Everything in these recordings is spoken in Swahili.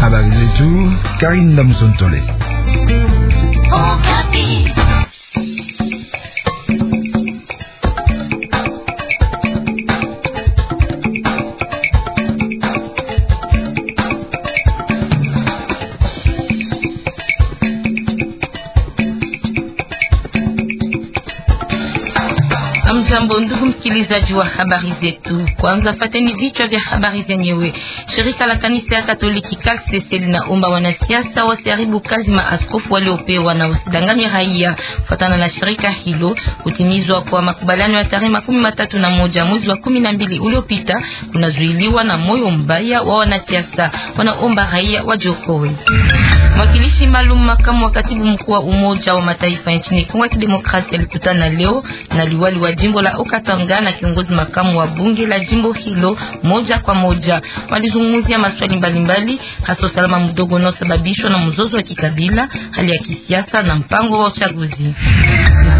Habari zetu Karine Damson Tole. Jambo ndugu msikilizaji wa habari zetu. Kwanza fateni vichwa vya habari zenyewe. Shirika la kanisa ya Katoliki CALCES linaomba wanasiasa wasiharibu kazi maaskofu waliopewa na wasidanganye raia. Fatana na shirika hilo, kutimizwa kwa makubaliano ya tarehe makumi matatu na moja mwezi wa kumi na mbili uliopita kunazuiliwa na moyo mbaya wa wanasiasa. Wanaomba raia wajiokoe. Mwakilishi maalum makamu wa katibu mkuu wa Umoja wa Mataifa nchini Kongo ya Kidemokrasia alikutana leo na liwali wa jimbo la Okatanga na kiongozi makamu wa bunge la jimbo hilo moja kwa moja. Walizungumzia maswali mbalimbali, hasa usalama mdogo unaosababishwa na mzozo wa kikabila, hali ya kisiasa na mpango wa uchaguzi.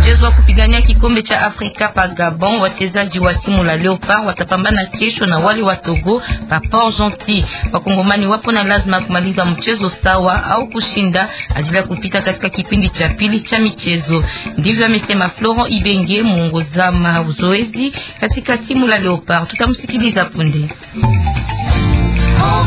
Mchezo wa kupigania kikombe cha Afrika pa Gabon, wachezaji wa timu la Leopard watapambana kesho na wale wa Togo pa Port Gentil. Wakongomani wapo na lazima kumaliza mchezo sawa au kushinda ajili ya kupita katika kipindi cha pili cha michezo. Ndivyo amesema Florent Ibenge, mwongoza mazoezi katika timu la Leopard. Tutamsikiliza punde. Oh,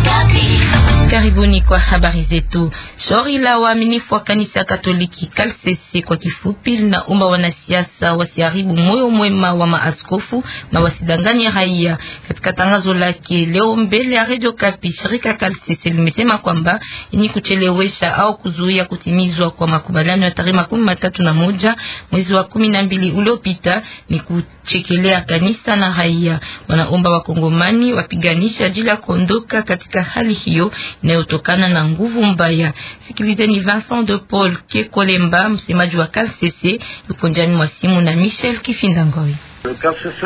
Karibuni kwa habari zetu. Shauri la waaminifu wa kanisa Katoliki Kalsese kwa kifupi, linaomba wanasiasa wasiharibu moyo mwema wa maaskofu na wasidanganye raia. Katika tangazo lake leo mbele ya Radio Kapi, shirika Kalsese limesema kwamba yenye kuchelewesha au kuzuia kutimizwa kwa makubaliano ya tarehe makumi matatu na moja mwezi wa kumi na mbili uliopita ni kuchekelea kanisa na raia. Wanaomba wakongomani wapiganisha ajili ya kuondoka katika hali hiyo inayotokana na nguvu mbaya. Sikilizeni Vincent de Paul Kekolemba, msemaji wa Kalsese, yuko ndani mwa simu na Michel Kifindangoi. KCC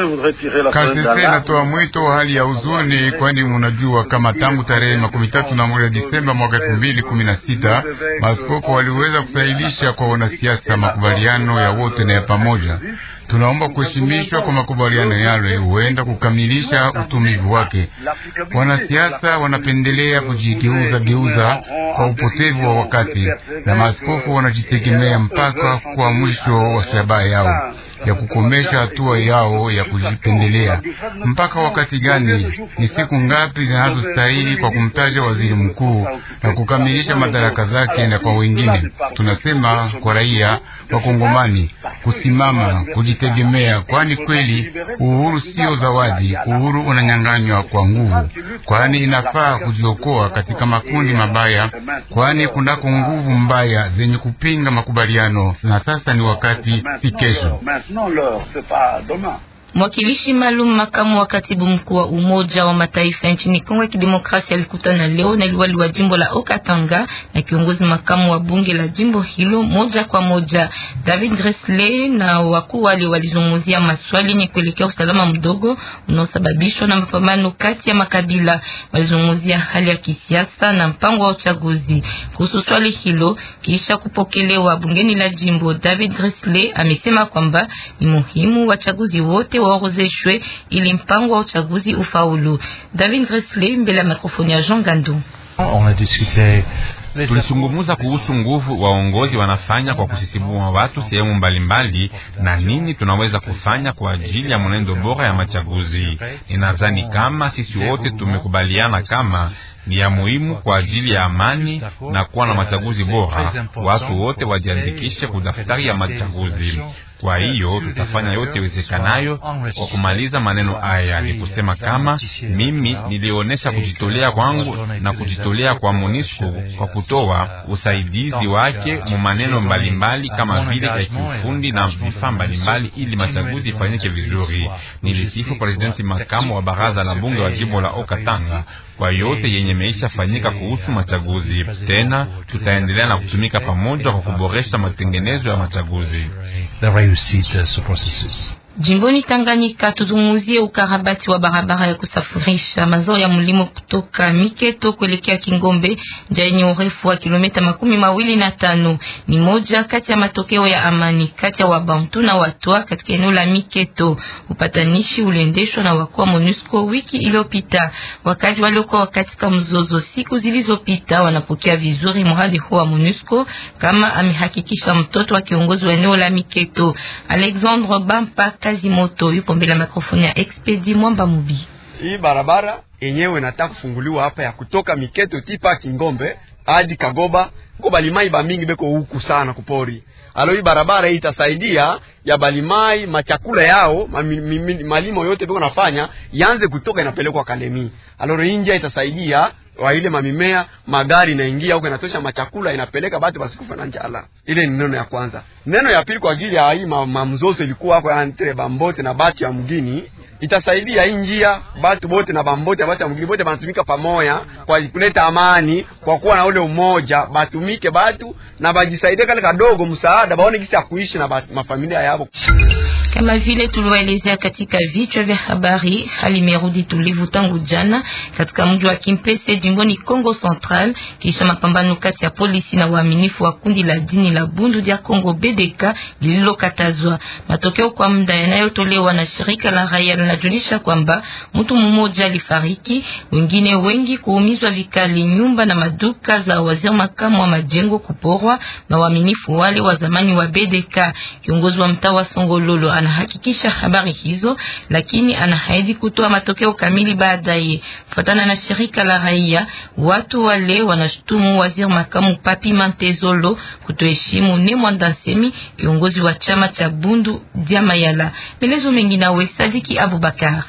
inatoa mwito wa hali ya huzuni, kwani munajua kama tangu tarehe makumi tatu na moja Disemba mwaka elfu mbili kumi na sita waliweza kusahilisha kwa wanasiasa makubaliano ya wote na ya pamoja. Tunaomba kuheshimishwa kwa makubaliano yale, huenda kukamilisha utumivu wake. Wanasiasa wanapendelea kujigeuza geuza kwa upotevu wa wakati, na maskofu wanajitegemea mpaka kwa mwisho wa shabaha yao ya kukomesha hatua yao ya kujipendelea. Mpaka wakati gani? Ni siku ngapi zinazostahili kwa kumtaja waziri mkuu na kukamilisha madaraka zake? Na kwa wengine tunasema kwa raia Wakongomani kusimama, kujitegemea, kwani kweli uhuru sio zawadi. Uhuru unanyang'anywa kwa nguvu, kwani inafaa kujiokoa katika makundi mabaya, kwani kunako nguvu mbaya zenye kupinga makubaliano. Na sasa ni wakati, si kesho. Mwakilishi maalum makamu wa katibu mkuu wa Umoja wa Mataifa nchini Kongo ya Kidemokrasia alikutana leo na liwali wa jimbo la Okatanga na kiongozi makamu wa bunge la jimbo hilo moja kwa moja. David Gressley na wakuu wale walizungumzia maswali yenye kuelekea usalama mdogo unaosababishwa na mapambano kati ya makabila. Walizungumzia hali ya kisiasa na mpango wa uchaguzi. Kuhusu swali hilo, kisha kupokelewa bungeni la jimbo, David Gressley amesema kwamba ni muhimu wachaguzi wote wote waorozeshwe ili mpango wa uchaguzi ufaulu. David Gresley mbele ya mikrofoni ya Jean Gandu. Tulisungumuza kuhusu nguvu waongozi wanafanya kwa kusisimua watu sehemu mbalimbali, na nini tunaweza kufanya kwa ajili ya mwenendo bora ya machaguzi. Ninadhani kama sisi wote tumekubaliana kama ni ya muhimu kwa ajili ya amani na kuwa na machaguzi bora, watu wote wajiandikishe kudaftari daftari ya machaguzi. Kwa hiyo tutafanya yote iwezekanayo kwa kumaliza maneno haya, ni kusema kama mimi nilionyesha kujitolea kwangu na kujitolea kwa MONUSCO kwa kutoa usaidizi wake mu maneno mbalimbali kama vile ya kiufundi na vifaa mbalimbali, ili machaguzi ifanyike vizuri. Nilisifu presidenti makamu wa baraza la bunge wa jimbo la Okatanga kwa yote yenye meisha fanyika kuhusu machaguzi. Tena tutaendelea na kutumika pamoja kwa kuboresha matengenezo ya machaguzi. see the processes. Jimboni Tanganyika tuzungumzie ukarabati wa barabara ya kusafirisha mazao ya mlimo kutoka Miketo kuelekea Kingombe njia yenye urefu wa kilomita makumi mawili na tano. Ni moja kati ya matokeo ya amani kati ya Wabantu na Watwa katika eneo la Miketo. Upatanishi uliendeshwa na wakuu wa MONUSCO wiki iliyopita. Wakazi waliokuwa katika mzozo siku zilizopita wanapokea vizuri mradi huo wa MONUSCO kama amehakikisha mtoto wa kiongozi wa eneo la Miketo Alexandre Bampa kazi moto yupo mbele ya mikrofoni ya Expedi Mwamba Mubi. Hii barabara yenyewe nataka kufunguliwa hapa ya kutoka Miketo tipa Kingombe hadi Kagoba ko balimai bamingi beko huku sana kupori. Alo, hii barabara hii itasaidia ya balimai machakula yao ma, mi, mi, malimo yote beko nafanya yanze kutoka inapelekwa Kalemi. Alo, injia itasaidia wa ile mamimea magari inaingia huko inatosha machakula inapeleka batu basikufa na njala. Ile ni neno ya kwanza. Neno ya pili kwa ajili ya hii mamzozo ilikuwa hapo entre bambote na batu ya mgini itasaidia hii njia, batu bote na bambote batu ya mgini bote banatumika pamoja kwa kuleta amani, kwa kuwa na ule umoja, batumike batu na bajisaidie kale kadogo msaada, baone jinsi ya kuishi na batu, mafamilia yao. Kama vile tulivyoelezea katika vichwa vya habari, hali imerudi tulivu tangu jana katika mji wa Kimpese jingoni Kongo Central kisha mapambano kati ya polisi na waaminifu wa kundi la dini la Bundu ya Kongo BDK lililokatazwa. Matokeo kwa muda yanayotolewa na shirika la raia linajulisha kwamba mtu mmoja alifariki, wengine wengi kuumizwa vikali, nyumba na maduka za wazee makamu wa majengo kuporwa na waaminifu wale wa zamani wa BDK. Kiongozi wa mtaa wa Songololo anahakikisha habari hizo, lakini anaahidi kutoa matokeo kamili baadaye. Kufuatana na shirika la raia, watu wale wanashutumu waziri makamu Papi Mantezolo kutoheshimu ne Nsemi, kiongozi wa chama cha Bundu mayala Melezo mengi nawe Sadiki Abubakar.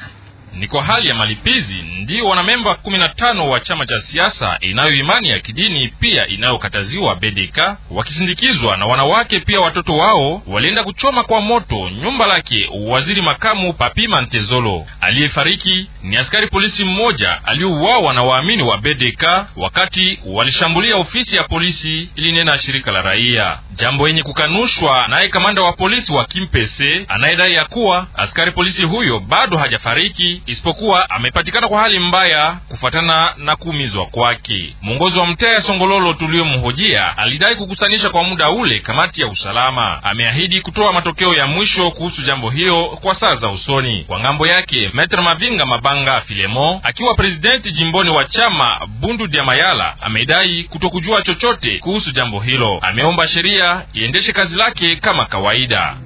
Ni kwa hali ya malipizi ndio wanamemba kumi na tano wa chama cha siasa inayo imani ya kidini pia inayokataziwa BDK wakisindikizwa na wanawake pia watoto wao, walienda kuchoma kwa moto nyumba lake waziri makamu Papi Mantezolo. Aliyefariki ni askari polisi mmoja aliyeuawa na waamini wa BDK wakati walishambulia ofisi ya polisi, ilinena shirika la raia jambo yenye kukanushwa naye kamanda wa polisi wa Kimpese anayedai ya kuwa askari polisi huyo bado hajafariki isipokuwa amepatikana kwa hali mbaya kufuatana na kuumizwa kwake. Mwongozi wa mtaa ya Songololo tuliyomhojia alidai kukusanisha kwa muda ule kamati ya usalama. Ameahidi kutoa matokeo ya mwisho kuhusu jambo hiyo kwa saa za usoni. Kwa ngambo yake, Metre Mavinga Mabanga Filemo akiwa presidenti jimboni wa chama Bundu mayala amedai kutokujua chochote kuhusu jambo hilo. Ameomba sheria kisha iendeshe kazi lake kama kawaida.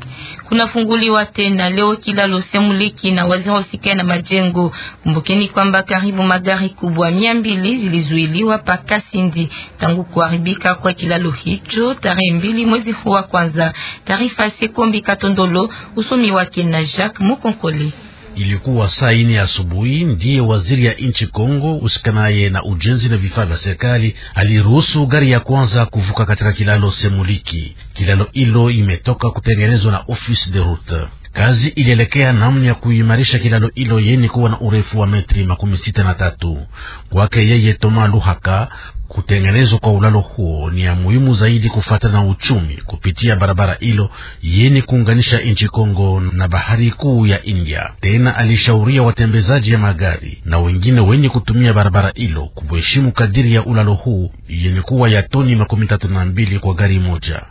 Kunafunguliwa tena leo kilalo Semuliki na waziri husika na majengo. Kumbukeni kwamba karibu magari kubwa mia mbili zilizuiliwa pa Kasindi tangu kuharibika kwa kilalo hicho tarehe mbili mwezi huu wa kwanza. Taarifa ya Sekombi Katondolo, usomi wake na Jacques Mukonkole. Ilikuwa saa ine asubuhi ndiye waziri ya nchi Kongo usikanaye na ujenzi na vifaa vya serikali aliruhusu gari ya kwanza kuvuka katika kilalo Semuliki. Kilalo hilo imetoka kutengenezwa na Office de Route. Kazi ilielekea namna ya kuimarisha kilalo hilo yeni kuwa na urefu wa metri makumi sita na tatu. Kwake yeye Toma Luhaka, Kutengenezwa kwa ulalo huo ni ya muhimu zaidi kufata na uchumi kupitia barabara hilo yenye kuunganisha nchi Kongo na bahari kuu ya India. Tena alishauria watembezaji ya magari na wengine wenye kutumia barabara hilo kuheshimu kadiri ya ulalo huu yenye kuwa ya toni makumi tatu na mbili kwa gari moja.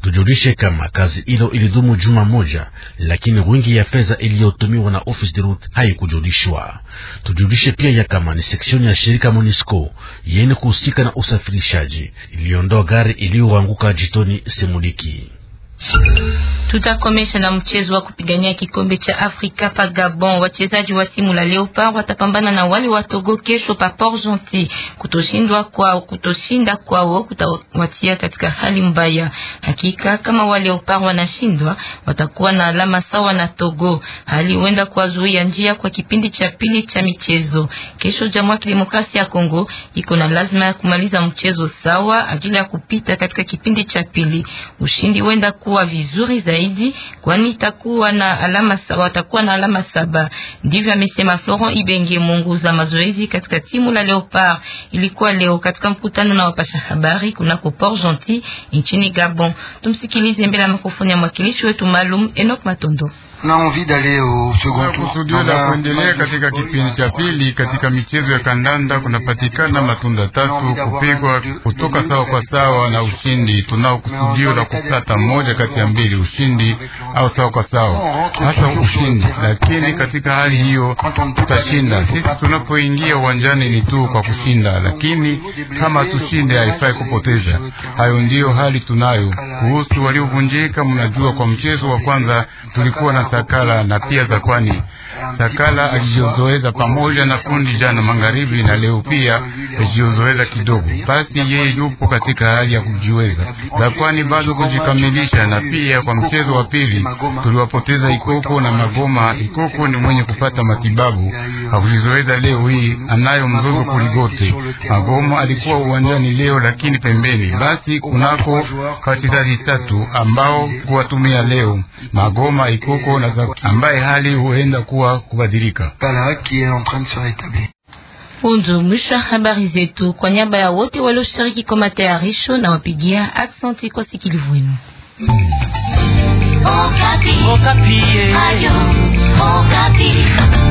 Tujulishe kama kazi hilo ilidumu juma moja, lakini wingi ya fedha iliyotumiwa na office de route haikujulishwa. Tujulishe pia ya kama ni seksioni ya shirika Monisco yenye kuhusika na usafirishaji iliondoa gari iliyoanguka jitoni Semuliki. Tutakomesha na mchezo wa kupigania kikombe cha Afrika pa Gabon. Wachezaji wa timu la Leopard watapambana na wale wa Togo kesho pa Port Gentil. Kutoshindwa kwao, kutoshinda kwao kutawatia katika hali mbaya. Hakika kama wa Leopard wanashindwa, watakuwa na alama sawa na Togo. Hali huenda kuwazuia njia kwa kipindi cha pili cha michezo. Kesho Jamhuri ya Kidemokrasia ya Kongo iko na lazima ya kumaliza mchezo sawa ajili ya kupita katika kipindi cha pili. Ushindi huenda kuwa vizuri zaidi zaidi, kwani itakuwa na alama saba, watakuwa na alama saba. Ndivyo amesema Florent Ibenge Munguza. Mazoezi katika timu la Leopard ilikuwa leo katika mkutano na wapasha habari kunako Port Gentil nchini Gabon. Tumsikilize mbele ya mikrofoni ya mwakilishi wetu maalum Enoch Matondo kusudio la kuendelea katika kipindi cha pili katika michezo ya kandanda kunapatikana matunda tatu kupigwa kutoka sawa kwa sawa na ushindi. Tunao kusudio la kupata moja kati ya mbili, ushindi au sawa kwa sawa, hasa ushindi. Lakini katika hali hiyo tutashinda sisi. Tunapoingia uwanjani ni tu kwa kushinda, lakini kama tushinde, haifai kupoteza. Hayo ndiyo hali tunayo. Kuhusu waliovunjika, mnajua kwa mchezo wa kwanza tulikuwa na Sakala na pia za Kwani. Sakala alijizoeza pamoja na kundi jana magharibi, na leo pia alijizoeza kidogo, basi yeye yupo katika hali ya kujiweza. Za Kwani bado kujikamilisha, na pia kwa mchezo wa pili tuliwapoteza Ikoko na Magoma. Ikoko ni mwenye kupata matibabu, hakujizoeza leo hii, anayo mzozo kuligote. Magoma alikuwa uwanjani leo lakini pembeni, basi kunako wachezaji tatu ambao kuwatumia leo Magoma Ikoko na za ambaye hali huenda kuwa kubadilika. Undumisha habari zetu kwa niaba ya wote walioshiriki kwa matayarisho na wapigia aksanti kwa sikilivu wenu. Okapi. Okapi. Eh. Okapi.